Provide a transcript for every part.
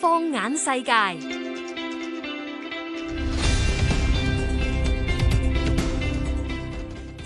放眼世界。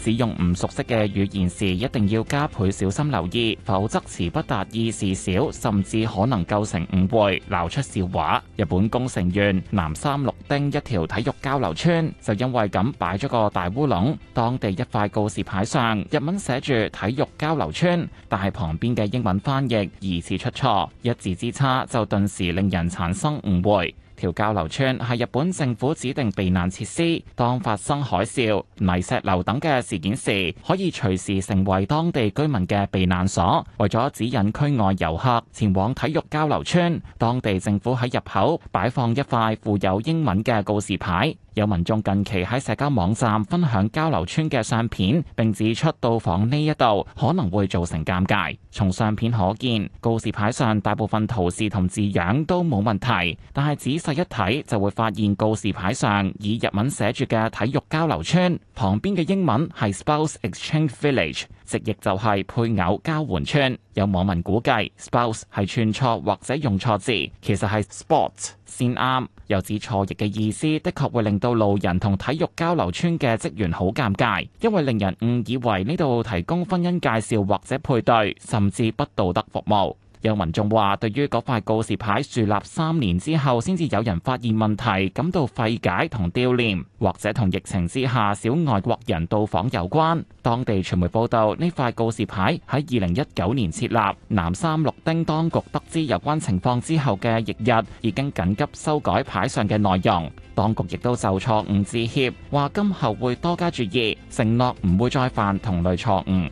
使用唔熟悉嘅語言時，一定要加倍小心留意，否則詞不達意事小，甚至可能構成誤會，鬧出笑話。日本宮城縣南三陸町一條體育交流村，就因為咁擺咗個大烏龍。當地一塊告示牌上，日文寫住體育交流村，但係旁邊嘅英文翻譯疑似出錯，一字之差就頓時令人產生誤會。條交流村係日本政府指定避難設施，當發生海嘯、泥石流等嘅事件時，可以隨時成為當地居民嘅避難所。為咗指引區外遊客前往體育交流村，當地政府喺入口擺放一塊附有英文嘅告示牌。有民眾近期喺社交網站分享交流村嘅相片，並指出到訪呢一度可能會造成尷尬。從相片可見，告示牌上大部分圖示同字樣都冇問題，但係仔細一睇就會發現告示牌上以日文寫住嘅體育交流村，旁邊嘅英文係 Spouse Exchange Village。直譯就係配偶交換村，有網民估計 spouse 係串錯或者用錯字，其實係 sports 先啱，又指錯譯嘅意思，的確會令到路人同體育交流村嘅職員好尷尬，因為令人誤以為呢度提供婚姻介紹或者配對，甚至不道德服務。有民眾話：對於嗰塊告示牌樹立三年之後，先至有人發現問題，感到費解同丟臉，或者同疫情之下少外國人到訪有關。當地傳媒報道，呢塊告示牌喺二零一九年設立，南三陸町當局得知有關情況之後嘅翌日，已經緊急修改牌上嘅內容。當局亦都就錯誤致歉，話今後會多加注意，承諾唔會再犯同類錯誤。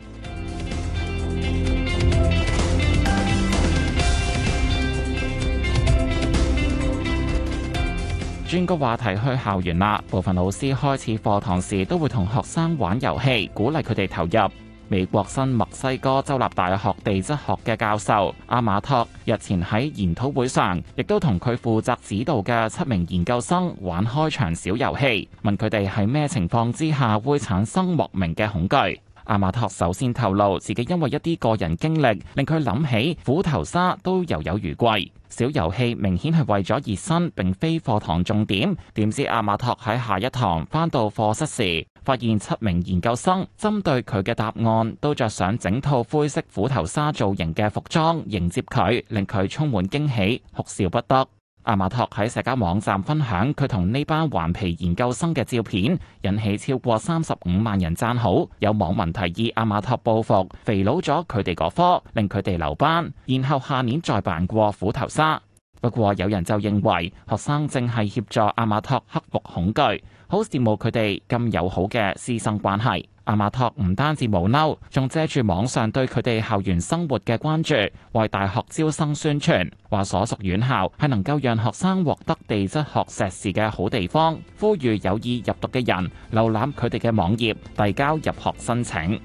轉個話題去校園啦，部分老師開始課堂時都會同學生玩遊戲，鼓勵佢哋投入。美國新墨西哥州立大學地質學嘅教授阿馬托日前喺研討會上，亦都同佢負責指導嘅七名研究生玩開場小遊戲，問佢哋喺咩情況之下會產生莫名嘅恐懼。阿馬托首先透露，自己因為一啲個人經歷，令佢諗起斧頭鯊都猶有餘悸。小遊戲明顯係為咗熱身，並非課堂重點。點知阿馬托喺下一堂返到課室時，發現七名研究生針對佢嘅答案，都着上整套灰色斧頭鯊造型嘅服裝迎接佢，令佢充滿驚喜，哭笑不得。阿馬托喺社交網站分享佢同呢班頑皮研究生嘅照片，引起超過三十五萬人讚好。有網民提議阿馬托報復肥佬咗佢哋嗰科，令佢哋留班，然後下年再辦過斧頭鯊。不過有人就認為學生正係協助阿馬托克服恐懼，好羨慕佢哋咁友好嘅師生關係。阿馬托唔單止冇嬲，仲藉住網上對佢哋校園生活嘅關注，為大學招生宣傳，話所屬院校係能夠讓學生獲得地質學碩士嘅好地方，呼籲有意入讀嘅人瀏覽佢哋嘅網頁，遞交入學申請。